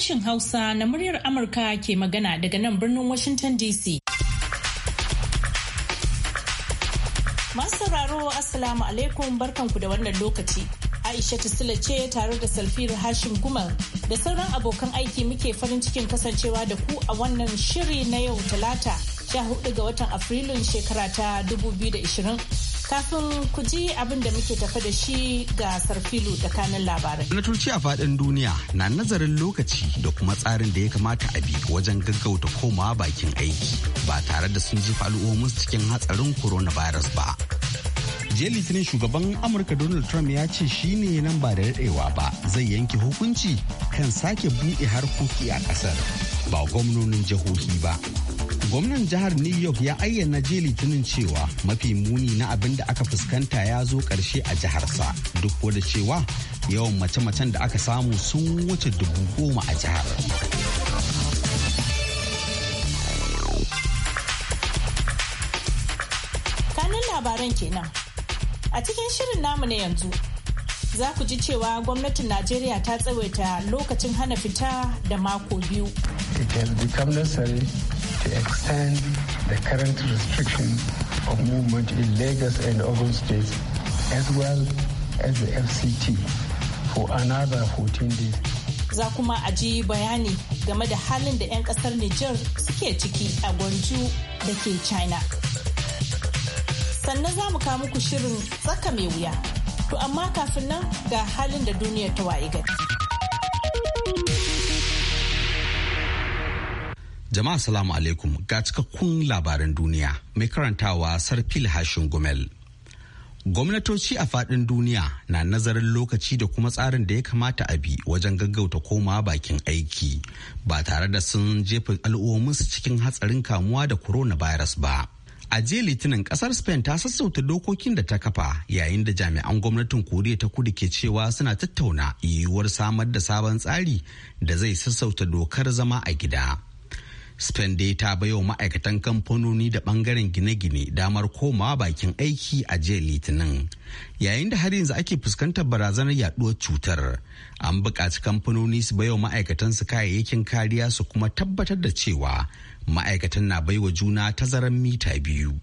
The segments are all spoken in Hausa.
sashen Hausa na muryar Amurka ke magana daga nan birnin Washington DC. Masu sauraro Assalamu alaikum barkanku da wannan lokaci. Aisha Sula ce tare da Salfir Hashim kuma da sauran abokan aiki muke farin cikin kasancewa da ku a wannan shiri na yau Talata 14 ga watan Afrilun shekara ta 2020. Kafin ku ji abin da muke tafi da shi ga sarfilu tsakanin labarai. labarai. Gwamnatoci a faɗin duniya na nazarin lokaci da kuma tsarin da ya kamata a bi wajen gaggauta komawa bakin aiki ba tare da sun ji al'ummominsu cikin hatsarin coronavirus ba. jiya litinin shugaban amurka donald trump ya ce shi ne nan ba da daɗewa ba zai yanke hukunci kan sake buɗe harkoki a ƙasar ba gwamnonin jihohi ba Gwamnan jihar New York ya ayyana ji litinin cewa mafi muni na abin da aka fuskanta ya zo karshe a jiharsa duk da cewa yawan mace-macen da aka samu sun wuce dubu goma a jihar. Kanin labaran kenan. A cikin shirin namu na yanzu za ku ji cewa gwamnatin Najeriya ta tsawaita lokacin hana fita da mako biyu. to extend the current restriction of movement in Lagos and Ogun states as well as the FCT for another 14 days. Za kuma a ji bayani game da halin da 'yan kasar Nijar suke ciki a Gwanju da ke China. Sannan za mu kawo muku shirin tsaka mai wuya. To amma kafin nan ga halin da duniya ta waye gari. Jama'a salamu alaikum ga cikakkun labaran duniya mai karantawa sarfil hashin gumel. Gwamnatoci a faɗin duniya na nazarin lokaci da kuma tsarin da ya kamata a bi wajen gaggauta koma bakin aiki ba tare da sun jefa su cikin hatsarin kamuwa da coronavirus ba. a jiya litinin Ƙasar spain ta sassauta dokokin da ta kafa yayin da jami'an gwamnatin koriya ta kudu ke cewa suna tattauna yiwuwar samar da sabon tsari da zai sassauta dokar zama a gida Spain dai ta bayo ma'aikatan kamfanoni da bangaren gine-gine damar komawa bakin aiki a jiya litinin. Yayin da har yanzu ake fuskantar barazanar yaduwar cutar, an buƙaci kamfanoni su bayo ma'aikatan su kayayyakin kariya su kuma tabbatar da cewa ma'aikatan na baiwa juna tazarar mita biyu.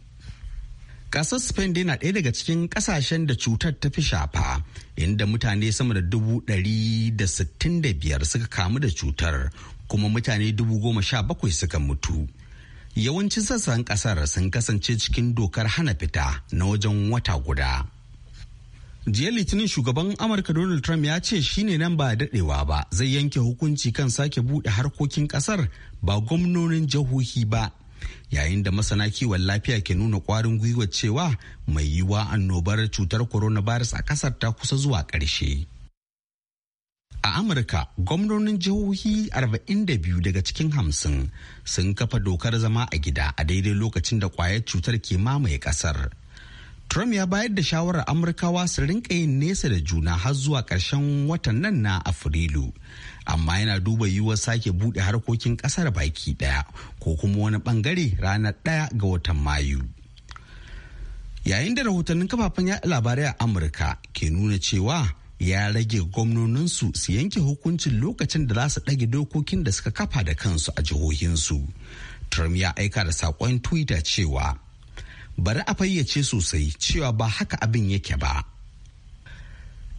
Ƙasar Spain dai na ɗaya daga cikin ƙasashen da cutar ta fi shafa, inda mutane sama da dubu ɗari da sittin da biyar suka kamu da cutar, kuma mutane dubu goma sha bakwai suka mutu. Yawancin sassan ƙasar sun kasance cikin dokar hana fita na wajen wata guda. jiya litinin shugaban amurka donald trump ya ce shine nan ba daɗewa ba zai yanke hukunci kan sake buɗe harkokin ƙasar ba gwamnonin jihohi ba yayin da masana kiwon lafiya ke nuna kwarin gwiwa cewa mai yiwuwa annobar cutar coronavirus a kasar ta kusa zuwa ƙarshe. A Amurka, gwamnonin jihohi 42 daga cikin 50 sun kafa dokar zama a gida a daidai lokacin da kwayar cutar ke mamaye kasar. Trump ya bayar da shawarar Amurkawa su rinka yin nesa da juna har zuwa ƙarshen watan nan na Afrilu amma yana duba yiwuwar sake bude harkokin kasar baki ɗaya ko kuma wani ɓangare ranar ɗaya ga watan mayu yayin da rahotannin kafafen yaɗa labarai a amurka ke nuna cewa ya rage gwamnoninsu su yanke hukuncin lokacin da za su ɗage dokokin da suka kafa da kansu a jihohinsu trump ya aika da saƙon twitter cewa bari a fayyace sosai cewa ba haka abin yake ba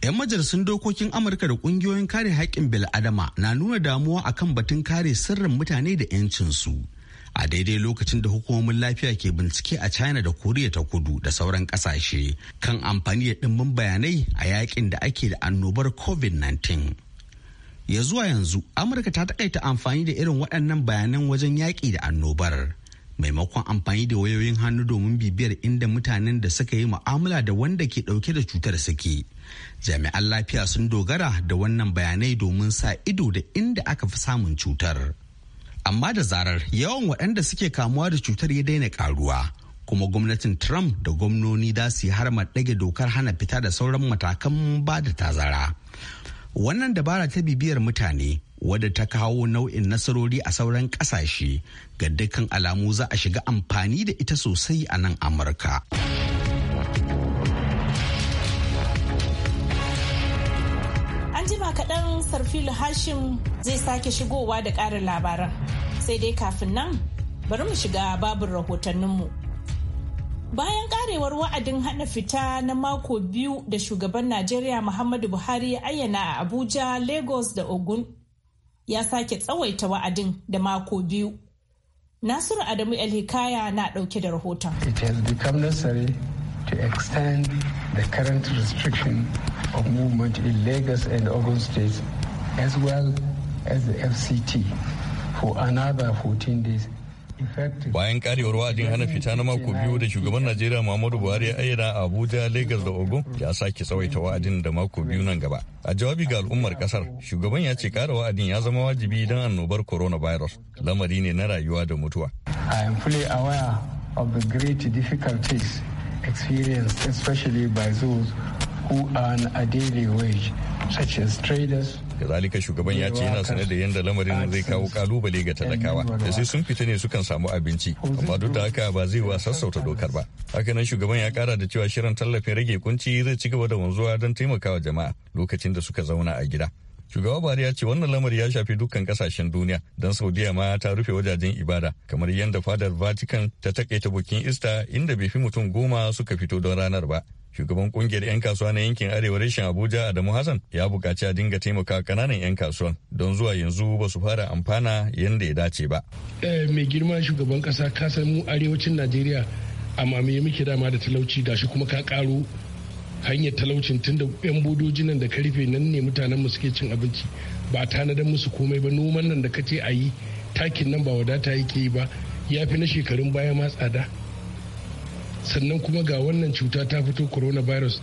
'Yan majalisun dokokin Amurka da kungiyoyin kare haƙƙin bil'adama na nuna damuwa akan batun kare sirrin mutane da 'yancinsu. A daidai lokacin da hukumomin lafiya ke bincike a China da Koriya ta kudu da sauran ƙasashe kan amfani da ɗimbin bayanai a yakin da ake da annobar COVID-19. Ya zuwa yanzu, Amurka ta taƙaita amfani da irin waɗannan bayanan wajen yaƙi da annobar. maimakon amfani da wayoyin hannu domin bibiyar inda mutanen da suka yi mu'amala da wanda ke ɗauke da cutar suke jami'an lafiya sun dogara da wannan bayanai domin sa ido da inda aka fi samun cutar amma da zarar yawan waɗanda suke kamuwa da cutar ya daina karuwa kuma gwamnatin trump da gwamnoni za su yi harma ɗage dokar hana fita da sauran matakan ba da tazara wannan dabara ta bibiyar mutane wadda ta kawo nau'in nasarori a sauran ƙasashe ga dukkan alamu za a shiga amfani da ita sosai a nan amurka. jima kaɗan sarfilu hashim zai sake shigowa da ƙarin labaran sai dai kafin nan bari mu shiga babin rahotanninmu bayan karewar wa'adin hana fita na mako biyu da shugaban najeriya muhammadu buhari ya ayyana a abuja lagos da ogun ya sake tsawaita wa'adin da mako biyu nasiru adamu elhikaya na ɗauke da rahoton it has become necessary to extend the of movement in Lagos and Ogun states, as well as the FCT, for another 14 days. Bayan karewar wa'adin hana fita na mako biyu da shugaban Najeriya Muhammadu Buhari ya ayyana a Abuja, Lagos da Ogun ya sake tsawaita wa'adin da mako biyu nan gaba. A jawabi ga al'ummar kasar, shugaban ya ce kara wa'adin ya zama wajibi don annobar coronavirus, lamari ne na rayuwa da mutuwa. I am fully aware of the great difficulties experienced especially by those who earn a daily wage such as traders zalika shugaban ya ce yana sanar da yadda lamarin zai kawo kalubale ga talakawa da sai sun fita ne sukan samu abinci amma duk da haka ba zai wa sassauta dokar ba nan shugaban ya kara da cewa shirin tallafin rage kunci zai ci gaba da wanzuwa don taimakawa jama'a lokacin da suka zauna a gida shugaba buhari ya ce wannan lamari ya shafi dukkan kasashen duniya don saudiya ma ta rufe wajajen ibada kamar yadda fadar vatican ta takaita bukin ista inda bai fi mutum goma suka fito don ranar ba shugaban kungiyar 'yan kasuwa na yankin arewa reshen abuja adamu hassan ya bukaci a dinga taimaka kananan 'yan kasuwan don zuwa yanzu ba su fara amfana yadda ya dace ba eh, mai girma shugaban kasa ka san mu arewacin najeriya amma me muke dama da talauci gashi kuma ka karu hanyar talaucin tunda 'yan bodoji nan da ka rufe nan ne mutanen mu suke cin abinci ba tanadan musu komai ba noman nan da ka ce a yi takin nan ba wadata yake yi ba ya fi na shekarun baya ma tsada sannan kuma ga wannan cuta ta fito coronavirus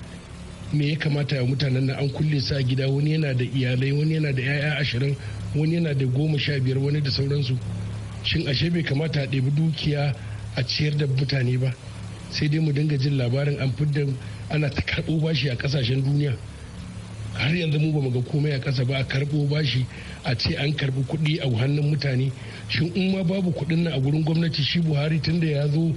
me ya kamata ya mutanen na an kulle sa gida wani yana da iyalai wani yana da 'ya'ya ashirin wani yana da goma sha biyar wani da sauransu shin ashe bai kamata a ɗebi dukiya a ciyar da mutane ba sai dai mu dinga jin labarin an fidda ana ta karɓo bashi a ƙasashen duniya har yanzu mu bamu ga komai a ƙasa ba a karɓo bashi a ce an karɓi kuɗi a hannun mutane shin in ma babu kuɗin nan a gurin gwamnati shi buhari tunda ya zo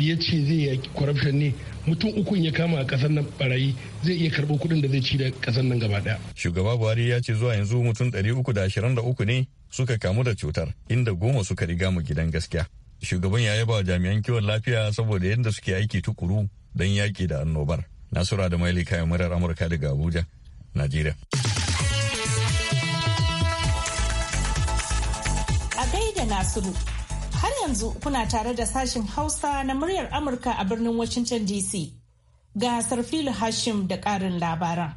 ya ce zai yaki corruption ne mutum ukun ya kama a kasar nan barayi zai iya karɓo kuɗin da zai ci da kasar nan gaba ɗaya. Shugaba Buhari ya ce zuwa yanzu mutum uku da da uku ne suka kamu da cutar inda goma suka riga mu gidan gaskiya. Shugaban ya yaba jami'an kiwon lafiya saboda yadda suke aiki tukuru don yaƙi da annobar. Nasura da Maili kayan murar Amurka daga Abuja, Najeriya. A gaida Nasiru, Har yanzu kuna tare da sashin Hausa na muryar Amurka a birnin Washington DC. Ga Sarfilu Hashim da ƙarin labaran.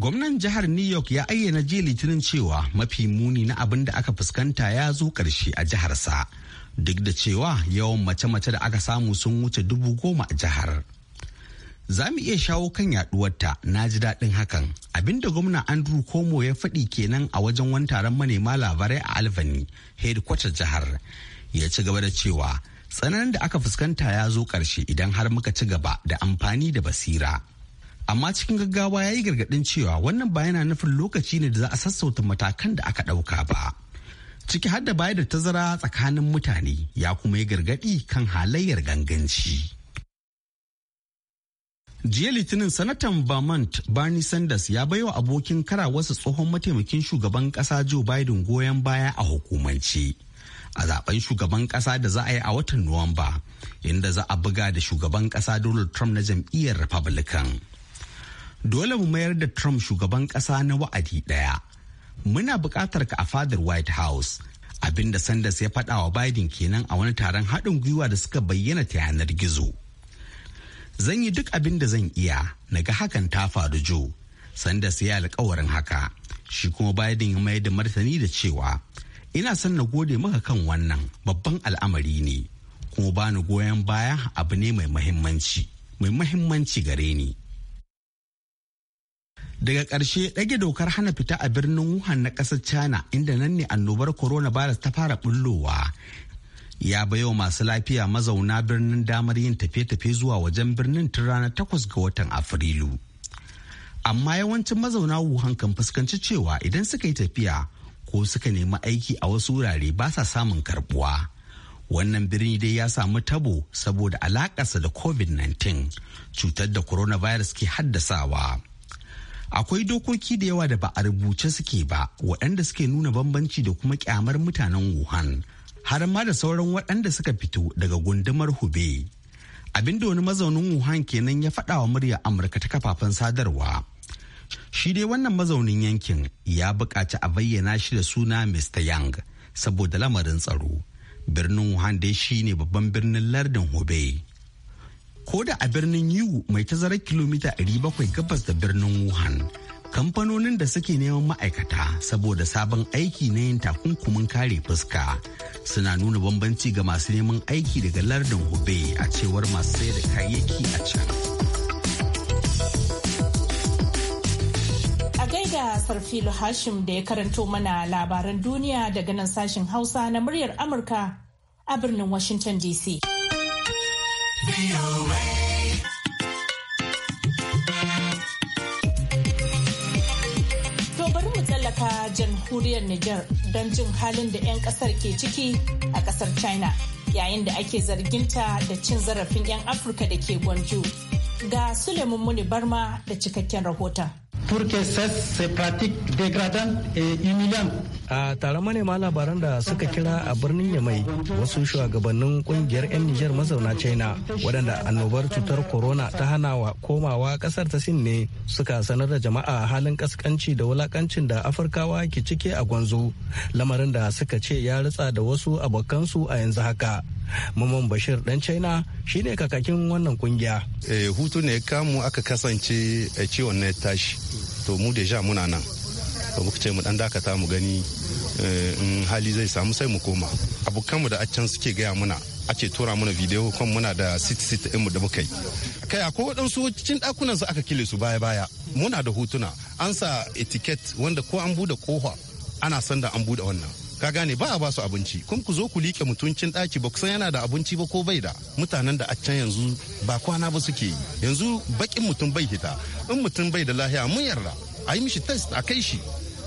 Gwamnan jihar New York ya ayyana jiya litinin cewa mafi muni na abin da aka fuskanta ya zo ƙarshe a jiharsa. Duk da cewa yawan mace-mace da aka samu sun wuce dubu goma a jihar. za mu iya shawo kan yaduwarta na ji daɗin hakan abinda gwamna andrew komo ya faɗi kenan a wajen wani taron manema labarai a albany headquarter jihar ya ci gaba da cewa tsananin da aka fuskanta ya zo ƙarshe idan har muka ci gaba da amfani da basira amma cikin gaggawa ya yi gargaɗin cewa wannan ba yana nufin lokaci ne da za a sassauta matakan da aka ɗauka ba ciki har da bayar da tazara tsakanin mutane ya kuma yi gargaɗi kan halayyar ganganci. jiya litinin sanatan vermont bernie sanders ya baiwa abokin kara wasu tsohon mataimakin shugaban kasa joe biden goyon baya a hukumance a zaben shugaban kasa da za a yi a watan nuwamba inda za a buga da shugaban kasa donald trump na jam'iyyar republican dole mu mayar da trump shugaban kasa na wa'adi ɗaya. muna buƙatar ka a fadar white house abinda sanders ya faɗa wa biden kenan a wani taron haɗin gwiwa da suka bayyana ta yanar gizo zan yi duk abin da zan iya na ga hakan ta faru jo sanders ya alkawarin haka shi kuma biden ya mayar da martani da cewa ina son na gode maka kan wannan babban al'amari ne kuma ba ni goyon baya abu ne mai mahimmanci mai mahimmanci gare ni daga ƙarshe ɗage dokar hana fita a birnin wuhan na ƙasar china inda nan ne annobar coronavirus ta fara bullowa ya baiwa masu lafiya mazauna birnin damar yin tafiye-tafiye zuwa wajen birnin tun ranar takwas ga watan afrilu amma yawancin mazauna wuhan kan fuskanci cewa idan suka yi tafiya ko suka nemi aiki a wasu wurare ba sa samun karbuwa wannan birni dai ya samu tabo saboda alakarsa da covid-19 cutar da coronavirus ke haddasawa akwai dokoki da yawa da ba a rubuce suke ba waɗanda suke nuna bambanci da kuma kyamar mutanen wuhan har ma da sauran waɗanda suka fito daga gundumar hube abin da wani mazaunin wuhan kenan ya faɗa wa murya amurka ta kafafen sadarwa shi dai wannan mazaunin yankin ya buƙaci a bayyana shi da suna mr yang saboda lamarin tsaro birnin wuhan dai shine babban birnin lardin hube ko da a birnin Yu mai tazarar kilomita 700 gabas da birnin wuhan kamfanonin da suke neman ma'aikata saboda sabon aiki na yin takunkumin kare fuska suna nuna bambanci ga masu neman aiki daga lardin hube a cewar masu sayar da kayayyaki a can. A gaida Sarfilu Hashim da ya karanto mana labaran duniya daga nan sashen Hausa na muryar Amurka a birnin Washington DC. jamhuriyar Nijar don jin halin da 'yan kasar ke ciki a kasar China yayin da ake zarginta da cin zarafin 'yan Afirka da ke Gwanju. Ga Suleiman Muni Barma da cikakken rahoton. pour que cesse ces pratiques dégradantes et humiliantes a taron manema labaran da suka kira a birnin yamai wasu shugabannin kungiyar 'yan nijar mazauna china waɗanda annobar cutar corona ta hana wa komawa ƙasar ta sin ne suka sanar da jama'a halin kaskanci da wulakancin da afirkawa ke cike a gwanzo lamarin da suka ce ya ritsa da wasu abokansu a yanzu haka Maman Bashir dan China shine kakakin wannan kungiya. Eh, hutu ne kamu aka kasance eh, ciwon ne tashi. To mu deja muna nan. to muka ce mu dan dakata mu gani eh, in hali zai samu sai mu koma mu da accan suke gaya muna ake tura mana bidiyo kan muna da sit sit mu da muka yi kai akwai waɗansu cikin dakunan su aka kile su baya baya muna da hotuna an sa etiquette wanda ko an bude kofa ana san da an bude wannan ka gane ba a ba su abinci kuma ku zo ku liƙe mutuncin daki ba san yana da abinci ba ko bai da mutanen da a can yanzu ba kwana ba suke yi yanzu bakin mutum bai hita in mutum bai da lahiya mun yarda a yi mishi test a kai shi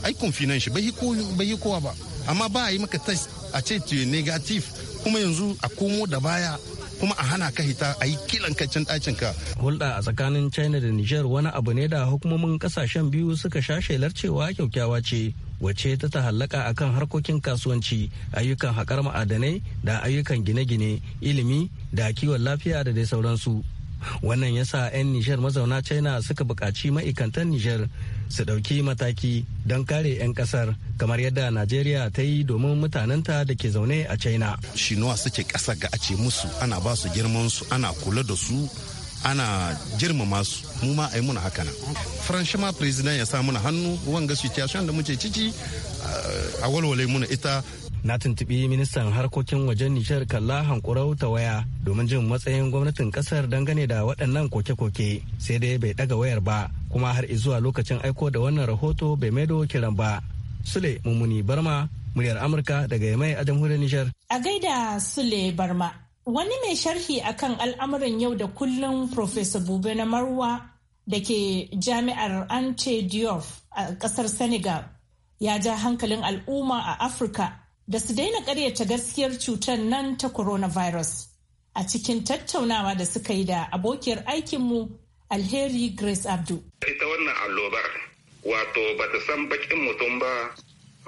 ai confinan shi bai yi kowa ba amma ba a yi maka test a ce tu negative kuma yanzu a komo da baya kuma a hana ka hita a yi kilan kacin ɗakin ka. Hulɗa a tsakanin China da Nijar wani abu ne da hukumomin kasashen biyu suka sha shelar cewa kyaukyawa ce. wacce ta tahallaka akan harkokin kasuwanci ayyukan haƙar ma'adanai da ayyukan gine-gine ilimi da kiwon lafiya da dai sauransu wannan yasa 'yan nijar mazauna china suka buƙaci ma'aikatan nijar su ɗauki mataki don kare 'yan ƙasar kamar yadda najeriya ta yi domin mutanenta da ke zaune a china shinuwa suke ƙasa ga a ce musu ana ba su girmansu ana kula da su ana girmama su mu ma a yi muna haka nan faranshi ma president ya sa muna hannu wanga situation da muke ciki a walwale muna ita na tuntubi ministan harkokin wajen nishar kalla hankurau ta waya domin jin matsayin gwamnatin kasar dangane da waɗannan koke-koke sai dai bai ɗaga wayar ba kuma har zuwa lokacin aiko da wannan rahoto bai maido kiran ba sule mummuni barma muryar amurka daga yamai a jamhuriyar nijar a gaida sule barma wani mai sharhi akan al'amuran yau da kullum professor bube na marwa da ke jami'ar ante diof a kasar senegal ya ja hankalin al'umma a afirka da su daina karyata gaskiyar cutar nan ta coronavirus a cikin tattaunawa da suka yi da abokiyar aikinmu Alheri Grace Abdu. Ita wannan allobar wato bata san bakin mutum ba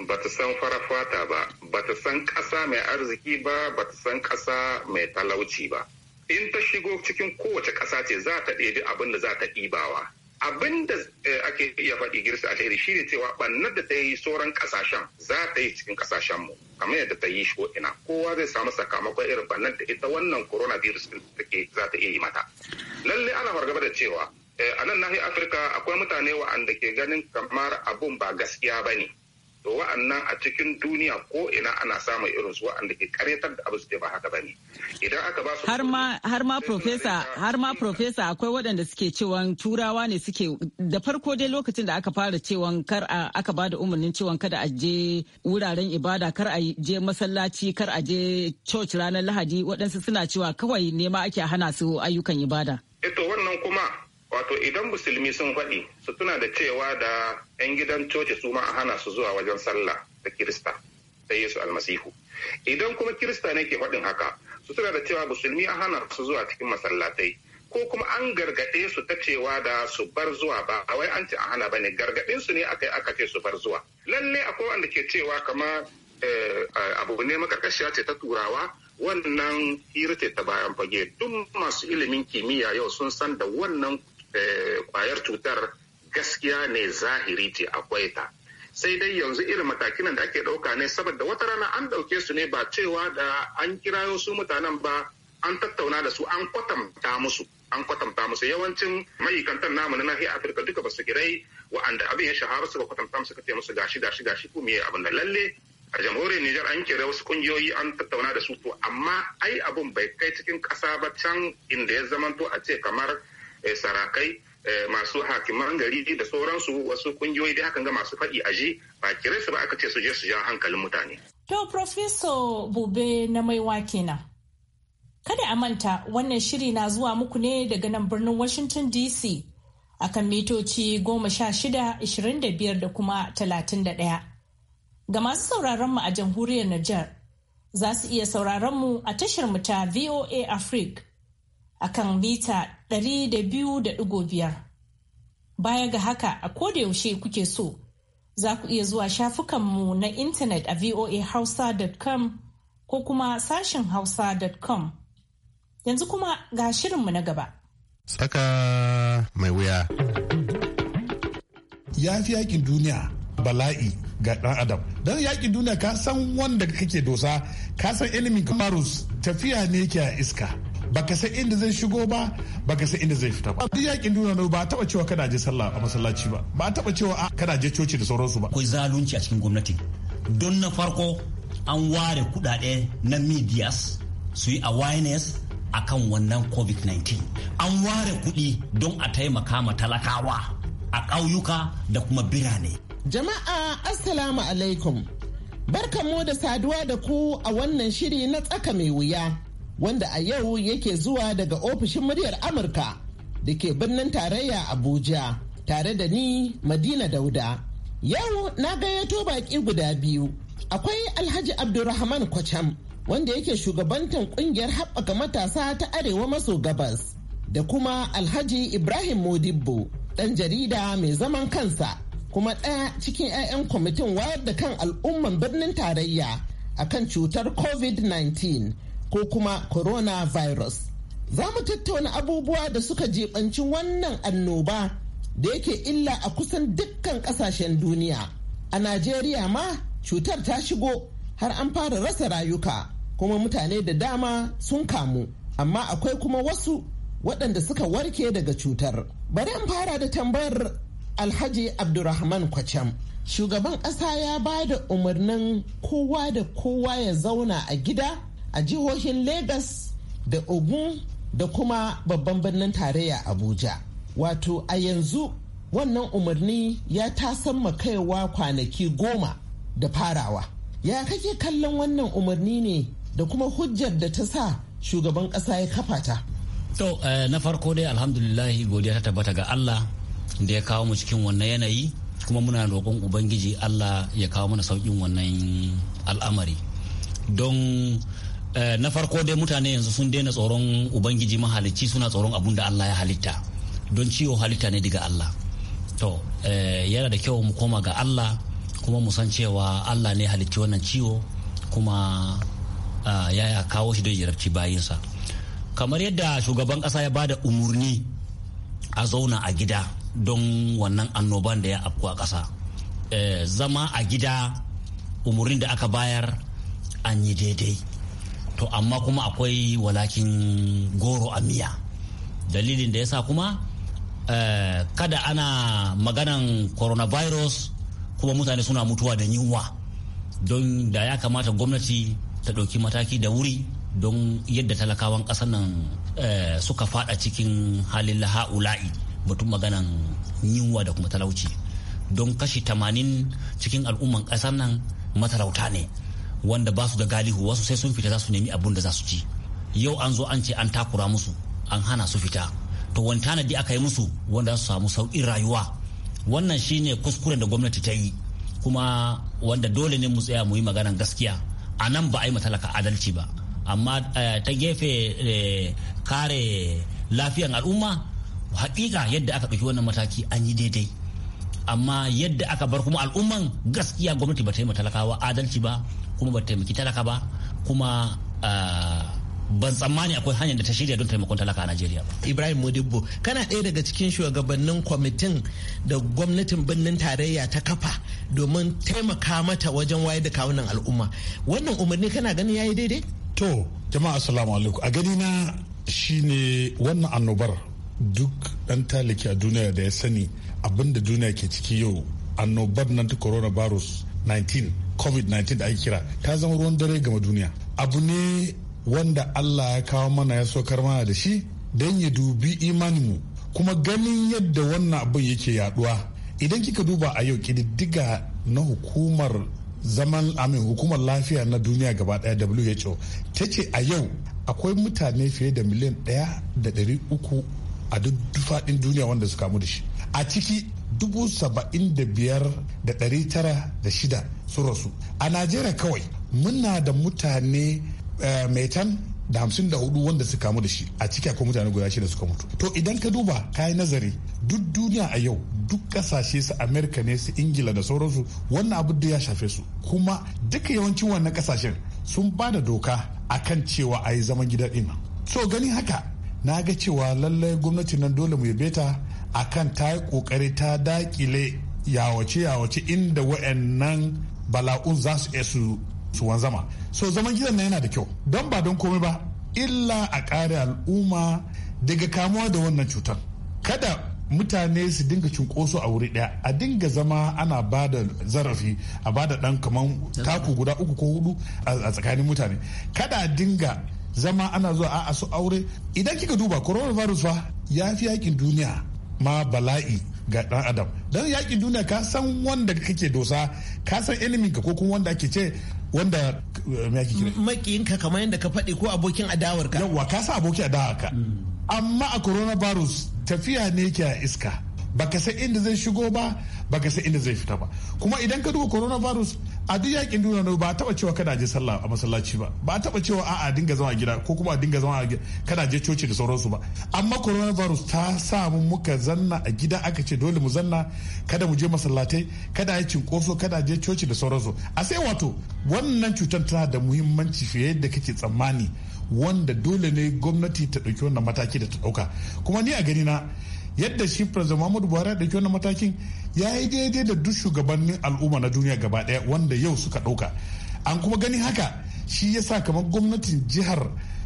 bata san farafata ba bata san ƙasa mai arziki ba bata san ƙasa mai talauci ba in ta shigo cikin kowace ƙasa ce za ta ɗebi abin da za ta ɗibawa abin da eh, ake iya faɗi girsa alheri shi ne cewa ɓannar da ta yi sauran ƙasashen za ta yi cikin ƙasashen mu kamar yadda ta yi shi ko ina kowa zai samu sakamakon irin ɓannar da ita wannan coronavirus ɗin take za ta iya yi mata lalle ana fargaba da cewa eh, a nan nahiyar afirka akwai mutane wa'anda ke ganin kamar abun ba gaskiya ba ne to wa'annan a cikin duniya ko ina ana samun irin su wa'anda ke karyatar da abu su ba haka bane idan aka ba su har ma har ma professor akwai waɗanda suke cewa turawa ne suke da farko dai lokacin da aka fara cewa kar aka ba da umarnin cewa kada a je wuraren ibada kar a je masallaci kar a je church ranar lahadi waɗansu suna cewa kawai nema ake hana su ayyukan ibada Ito eh wannan kuma wato idan musulmi sun faɗi su tuna da cewa da 'yan gidan coci su ma a hana su zuwa wajen sallah da kirista da yesu almasihu idan kuma kirista ne ke faɗin haka su tuna da cewa musulmi a hana su zuwa cikin masallatai ko kuma an gargaɗe su ta cewa da su bar zuwa ba a wai an ce a hana bane gargaɗin su ne aka yi aka ce su bar zuwa lalle akwai wanda ke cewa kama eh, abu ne makarkashiya ce ta turawa wannan hira ce ta bayan fage duk masu ilimin kimiyya yau sun san da wannan Eh, kwayar cutar gaskiya ne zahiri ce akwai ta sai dai yanzu irin matakin da ake ɗauka ne saboda wata rana an ɗauke su ne ba cewa da an kirayo su mutanen ba an tattauna da su an kwatanta musu an kwatanta musu yawancin mayikantan namu na nahiyar afirka duka ba su girai wa'anda abin ya shahara su ba kwatanta musu kace musu gashi gashi gashi ko meye abin da lalle a jamhuriyar Nijar an kira wasu kungiyoyi an tattauna da su to amma ai abun bai kai cikin ƙasa ba can inda ya zamanto a ce kamar Eh, sarakai eh, masu hakiman gari da sauransu wasu kungiyoyi dai hakan ga masu faɗi a ji ba kire su ba aka ce su je su ja hankalin mutane. To Professor Bube na mai wake kenan. Kada a manta wannan shiri na zuwa muku ne daga nan birnin Washington DC akan mitoci goma sha shida, ishirin da biyar da kuma talatin da ɗaya. Ga masu sauraron mu a jamhuriyar Nijar za su iya sauraron mu a tashar mu ta VOA Africa akan mita 200.5. Baya ga haka a yaushe kuke so za ku iya zuwa shafukanmu na intanet a voahausa.com ko kuma sashen hausa.com. Yanzu kuma ga shirinmu na gaba. Tsaka mai wuya. Ya fi yakin duniya bala'i ga ɗan adam. Don yakin duniya ka san wanda kake dosa, ka san ilimin kamarus tafiya ne ke a iska. baka san inda zai shigo ba baka san inda zai fita ba duk yakin duniya ba taba cewa kana je sallah a masallaci ba ba taba cewa ah, kana je coci da sauransu ba akwai zalunci a cikin gwamnati don na farko an ware kudade na medias su yi awareness akan wannan covid-19 an ware kudi don a taimaka ma talakawa a ƙauyuka da kuma birane jama'a assalamu alaikum barkamu da saduwa da ku a wannan shiri na tsaka mai wuya wanda a yau yake zuwa daga ofishin muryar Amurka da ke birnin tarayya Abuja tare da ni Madina Dauda. Yau na gayyato baki guda biyu. Akwai Alhaji Abdulrahman Kwacham wanda yake shugabantan ƙungiyar haɓaka matasa ta Arewa maso gabas da kuma Alhaji Ibrahim Modibbo ɗan jarida mai zaman kansa kuma ɗaya cikin 'ya'yan kwamitin wayar da kan al'umman birnin tarayya akan cutar COVID-19 ko kuma coronavirus. Za mu tattauna abubuwa da suka jibanci wannan annoba da yake illa a kusan dukkan kasashen duniya. A Najeriya ma cutar ta shigo har an fara rasa rayuka kuma mutane da dama sun kamu. Amma akwai kuma wasu waɗanda suka warke daga cutar. Bari an fara da tambayar Alhaji Abdurrahman Kwacham. Shugaban ƙasa ya ba da umarnin kowa da kowa ya zauna a gida a jihohin Legas da Ogun da kuma babban birnin tarayya Abuja. Wato a yanzu wannan umarni ya tasan kaiwa kwanaki goma da farawa. Ya kake kallon wannan umarni ne da kuma hujjar da ta sa shugaban ƙasa ya kafa ta. To eh, na farko dai alhamdulillahi godiya ta tabbata ga Allah da ya kawo mu cikin wannan yanayi kuma muna roƙon Ubangiji Allah ya kawo mana sauƙin wannan al'amari. Don Eh, na farko dai mutane yanzu sun daina tsoron ubangiji mahalicci suna tsoron abun da Allah ya halitta don ciwo halitta ne daga Allah to eh, yana da kyau mu koma ga Allah kuma mu san cewa Allah ne halicci wannan ciwo kuma ah, ya ya kawo shi don jarabci bayinsa kamar yadda shugaban kasa ya bada umurni a zauna a gida don wannan annoban da ya afku a kasa eh, zama a gida umurnin da aka bayar an yi daidai to amma kuma akwai walakin goro a miya dalilin da yasa kuma uh, kada ana maganan coronavirus kuma mutane suna mutuwa da yunwa don da ya kamata gwamnati ta ɗauki mataki da wuri don yadda talakawan ƙasar nan uh, suka fada cikin halin laha'ula'i batun maganan yunwa da kuma talauci don kashi 80 cikin al'umman ƙasar nan matalauta ne wanda ba su da galihu wasu sai sun fita za su nemi abun da za su ci yau an zo an ce an takura musu an hana su fita to wani tanadi aka yi musu wanda su samu sauƙin rayuwa wannan shine kuskuren da gwamnati ta yi kuma wanda dole ne mu tsaya mu yi maganan gaskiya a nan ba a yi matalaka adalci ba amma eh, ta gefe eh, kare lafiyan al'umma hakika yadda aka ɗauki wannan mataki an yi daidai amma yadda aka bar kuma al'umman gaskiya gwamnati ba ta yi matalakawa adalci ba kuma ba taimaki talaka ba kuma ah, ban tsammani akwai hanyar da ta shirya don taimakon talaka a Najeriya ba. Ibrahim Modibbo kana ɗaya daga cikin shugabannin kwamitin da gwamnatin birnin tarayya ta kafa domin taimaka mata wajen wayar da kawunan al'umma. Wannan umarni kana ganin yayi daidai? To, jama'a assalamu alaikum. A gani na shine wannan annobar duk ɗan taliki a duniya da ya sani abinda duniya ke ciki yau annobar nan ta coronavirus covid-19 da ake kira ta zama ruwan dare gama duniya abu ne wanda allah ya kawo mana ya sokar mana da shi don ya dubi imaninmu kuma ganin yadda wannan abin yake yaduwa idan kika duba a yau kididdiga na hukumar zaman amin hukumar lafiya na duniya gaba daya who ta ce a yau akwai mutane fiye da miliyan ɗaya da ɗari uku a duk faɗin duniya wanda su kamu da shi a ciki dubu saba'in da da ɗari tara da shida sun rasu a najeriya kawai muna da mutane eh, metan da hamsin da hudu wanda suka kamu da shi a ciki akwai mutane guda shi da suka mutu to idan ka duba ka yi nazari duk duniya a yau duk kasashe su amerika ne su ingila da sauransu wannan abu da ya shafe su kuma duka yawancin wannan kasashen sun ba da doka kan cewa a yi zaman gidan ina so gani haka na ga cewa lallai gwamnati nan dole mu yabe ta akan ta yi kokari ta dakile yawace-yawace inda wa'annan bala'un za su iya su wanzama so zaman gidan na yana da kyau don ba don komai ba illa a kare al'umma daga kamuwa da wannan cutar kada mutane su dinga cunkoso a wuri daya a dinga zama ana ba da zarafi a ba da dan kaman taku guda uku ko hudu a tsakanin mutane kada a dinga zama ana zuwa a su aure idan kika duba coronavirus fa ya fi yakin duniya ma bala'i ga dan adam don yakin duniya ka san wanda kake dosa ka san enemy ka ko kuma wanda ake ce wanda eh, ka kamar yadda ka faɗi ko abokin adawarka Yawa ka san abokin adawarka mm. amma a coronavirus tafiya ne ke iska baka san inda zai shigo ba baka san inda zai fita ba kuma idan ka duba coronavirus a duk yakin duniya na ba taba cewa kada je sallah a masallaci ba ba taba cewa a a dinga zama a gida ko kuma a dinga zama a kada je coci da sauransu ba amma coronavirus ta sa mu muka zanna a gida aka ce dole mu zanna kada mu je masallatai kada yi cinkoso kada je coci da sauransu a sai wato wannan cutar tana da muhimmanci fiye da kake tsammani wanda dole ne gwamnati ta ɗauki wannan mataki da ta ɗauka kuma ni a gani na yadda shi president muhammadu buhari ya dauki wannan matakin ya yi daidai da duk shugabannin al'umma na duniya gaba daya wanda yau suka dauka an kuma gani haka shi ya sa kamar gwamnatin jihar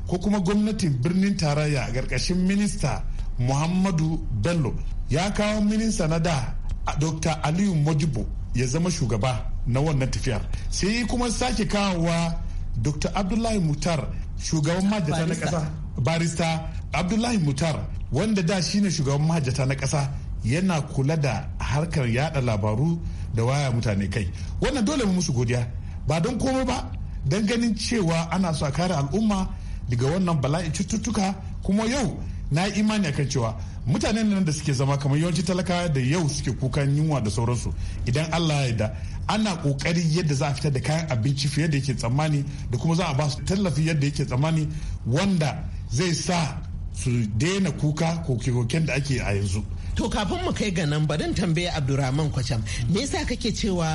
ko kuma gwamnatin birnin tarayya a ƙarƙashin minista muhammadu bello ya kawo minista na da dr aliyu mojibo ya zama shugaba na wannan tafiyar sai kuma sake kawowa dr abdullahi mutar shugaban majata na ƙasa barista abdullahi mutar wanda da shi ne shugaban mahajjata na kasa yana kula da harkar yada labaru da waya mutane kai wannan dole mu musu godiya ba don komai ba don ganin cewa ana so a kare al'umma daga wannan bala'i cututtuka kuma yau na yi imani akan cewa mutanen nan da suke zama kamar yawancin talaka da yau suke kukan yunwa da sauransu idan allah ya da ana kokari yadda za a fitar da kayan abinci fiye da yake tsammani da kuma za a ba su tallafi yadda yake tsammani wanda zai sa su daina kuka koke-koken da ake a yanzu to kafin mu kai ga nan barin tambaye abdurrahman kwacham me yasa kake cewa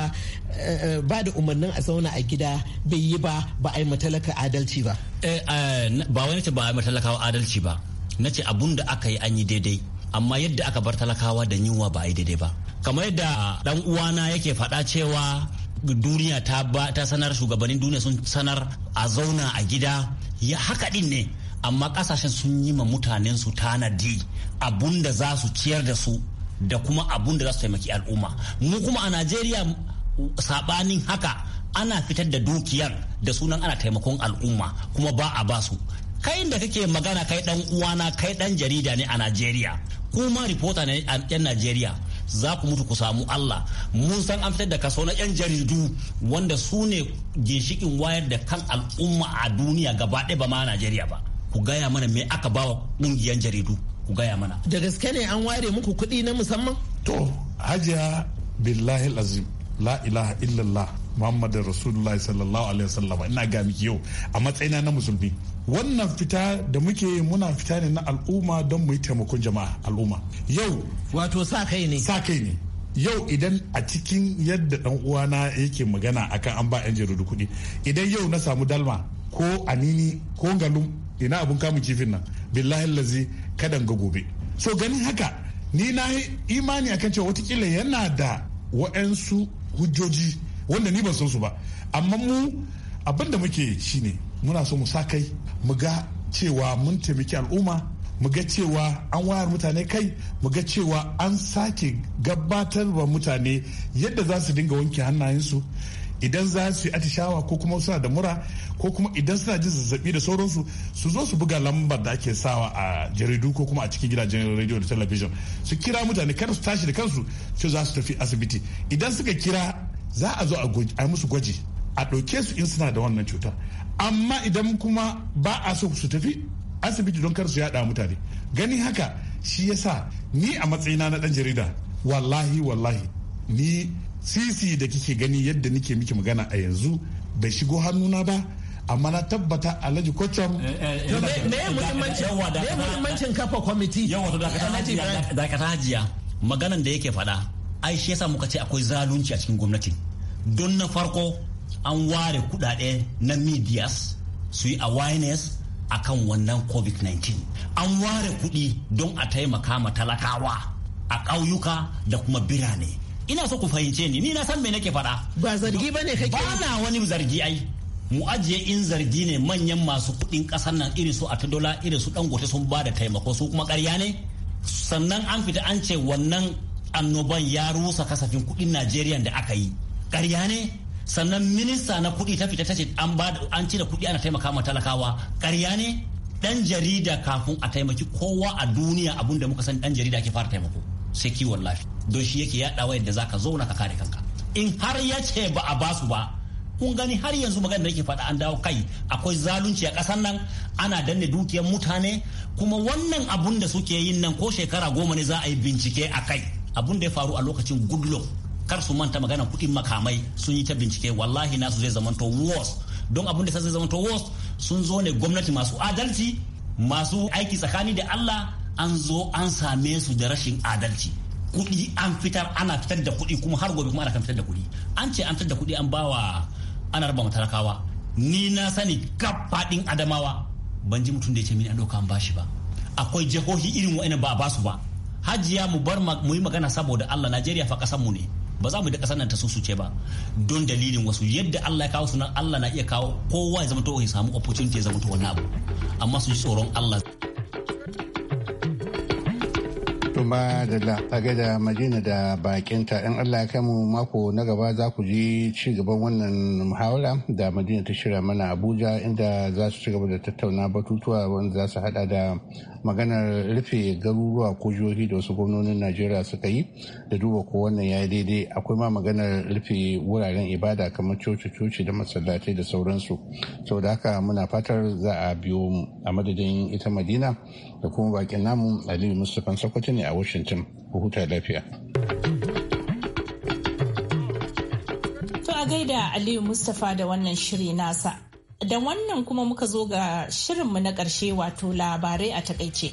eh, eh, ba da umarnin a zauna a gida bai yi ba ba a yi matalaka adalci ba eh, ba wani ce ba a yi matalaka adalci ba na ce abun da aka yi an yi daidai amma yadda aka bar talakawa da yunwa ba a yi daidai ba kamar yadda dan uwana yake faɗa cewa duniya ta sanar shugabannin duniya sun sanar a zauna a gida ya haka din ne amma kasashen sun yi ma mutanen su tanadi abun da za su ciyar da su da kuma abun da za su taimaki al'umma mu kuma a najeriya sabanin haka ana fitar da dukiyar da sunan ana taimakon al'umma kuma ba a basu kai da kake magana kai dan uwana kai dan jarida ne a najeriya kuma ripota ne a yan najeriya za ku mutu ku samu allah mun san an fitar da kaso na yan jaridu wanda su ne ginshikin wayar da kan al'umma a duniya gaba ɗaya ba ma najeriya ba ku gaya mana me aka ba wa kungiyan jaridu ku gaya mana da gaske ne an ware muku kuɗi na musamman to hajiya billahi azim la ilaha illallah muhammadu rasulullahi sallallahu alaihi wasallam ina ga miki yau a matsayina na musulmi wannan fita da muke muna fita ne na al'umma don mu yi taimakon jama'a al'umma yau wato sa kai ne sa kai ne yau idan a cikin yadda dan uwana yake magana akan an ba yan jaridu kuɗi idan yau na samu dalma ko anini ko galum ina abun kamun kifin nan billahi lazi kadan ga gobe so ganin haka ni na imani akan cewa watakila yana da wa'ansu hujjoji wanda ni ban san su ba amma mu abin da muke shine muna so mu sa kai mu ga cewa mun taimaki al'umma mu ga cewa an wayar mutane kai mu ga cewa an sake gabatar wa mutane yadda za su dinga wanke hannayensu idan za su yi atishawa ko kuma suna da mura ko kuma idan suna jin zazzabi da sauransu su zo su buga lambar da ake sawa a jaridu ko kuma a cikin gidajen rediyo da talabijin su kira mutane kada su tashi da kansu ce za su tafi asibiti idan suka kira za a zo a musu gwaji a ɗauke su in suna da wannan cutar amma idan kuma ba a so su tafi asibiti don kar su yada mutane gani haka shi yasa ni a matsayina na ɗan jarida wallahi wallahi ni sisi da kike gani yadda nike miki magana a yanzu bai shigo hannuna ba amma na tabbata alhaji kwacham eh, eh, eh, me muhimmancin kafa kwamiti dakata hajiya maganan da yake faɗa ai shi yasa muka ce akwai zalunci a cikin gwamnati don na farko an ware kudade na medias su yi awareness kan wannan covid-19 an ware kudi don a taimaka ma talakawa a ƙauyuka da kuma birane ina so ku fahimce ni ni na san me nake faɗa ba zargi ba ne kake ba na wani zargi ai mu ajiye in zargi ne manyan masu kuɗin ƙasar nan irin su dola irin su dangote sun bada da taimako su kuma ƙarya ne sannan an fita an ce wannan annoban ya rusa kasafin kuɗin najeriya da aka yi ƙarya ne sannan minista na kuɗi ta fita ta ce an ba an cire kuɗi ana taimaka ma talakawa ƙarya ne dan jarida kafin a taimaki kowa a duniya abun da muka san dan jarida ke fara taimako sai kiwon lafiya don shi yake wa yadda zaka zauna ka kare kanka in har ya ce ba a basu ba kun gani har yanzu magana da yake faɗa an dawo kai akwai zalunci a ƙasar nan ana danne dukiyar mutane kuma wannan abun da suke yin nan ko shekara goma ne za a yi bincike a kai abun da ya faru a lokacin goodluck kar su manta magana kuɗin makamai sun yi ta bincike wallahi nasu zai zamanto wos. don abun da zai to worst sun zo ne gwamnati masu adalci masu aiki tsakani da Allah an zo an same su da rashin adalci kuɗi an fitar ana fitar da kuɗi kuma har gobe kuma ana kan fitar da kuɗi an ce an fitar da kuɗi an bawa ana raba talakawa ni na sani kaf faɗin adamawa ban ji mutum da ya ce mini an ɗauka an bashi ba akwai jihohi irin wa'ina ba a basu ba hajiya mu bar mu yi magana saboda Allah Najeriya fa kasar mu ne ba za mu da na nan ta ce ba don dalilin wasu yadda Allah ya kawo sunan Allah na iya kawo kowa ya zama to ya samu opportunity ya zama to wani abu amma su ji tsoron Allah da a da madina da bakinta in allah ya mu mako na gaba za ku ji ci gaban wannan muhawara da madina ta shirya mana abuja inda za su ci gaba da tattauna batutuwa wanda za su hada da maganar rufe garuruwa ko jihohi da wasu gwamnonin najeriya suka yi da duba ko wannan ya daidai akwai ma maganar rufe wuraren ibada kamar coci-coci da masallatai da sauransu saboda haka muna fatar za a biyo a madadin ita madina da kuma bakin namu aliyu mustapha sokoto ne a washington huta lafiya to a gaida aliyu mustapha da wannan shiri nasa da wannan kuma muka zo ga shirinmu na ƙarshe wato labarai a takaice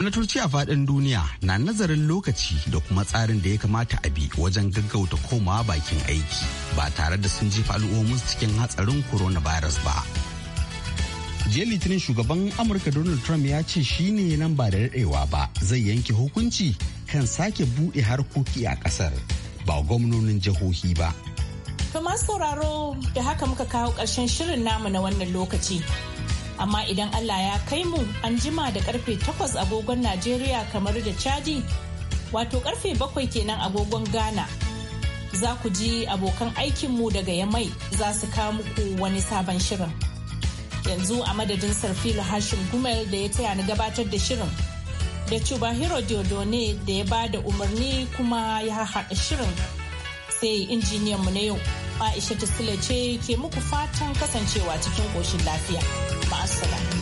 gwamnatoci a faɗin duniya na nazarin lokaci da kuma tsarin da ya kamata a bi wajen gaggauta komawa bakin aiki ba tare da sun jefa al'ummomin cikin hatsarin coronavirus ba jiya litinin shugaban amurka donald trump ya ce shi ne nan ba da daɗewa ba zai yanke hukunci kan sake buɗe harkoki a ƙasar ba gwamnonin jihohi ba to masu sauraro da haka muka kawo ƙarshen shirin namu na wannan lokaci amma idan allah ya kai mu an jima da karfe 8 agogon najeriya kamar da chadi wato karfe 7 kenan agogon ghana za ku ji abokan aikinmu daga yamai za su kawo muku wani sabon shirin. yanzu a madadin sarfila hashim gumel da ya taya ni gabatar da shirin da chubahiro diodone da ya ba da umarni kuma ya haɗa shirin sai injiniyan mu na yau aisha ta ce ke muku fatan kasancewa cikin ƙoshin lafiya ma'asala.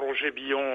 roger Billon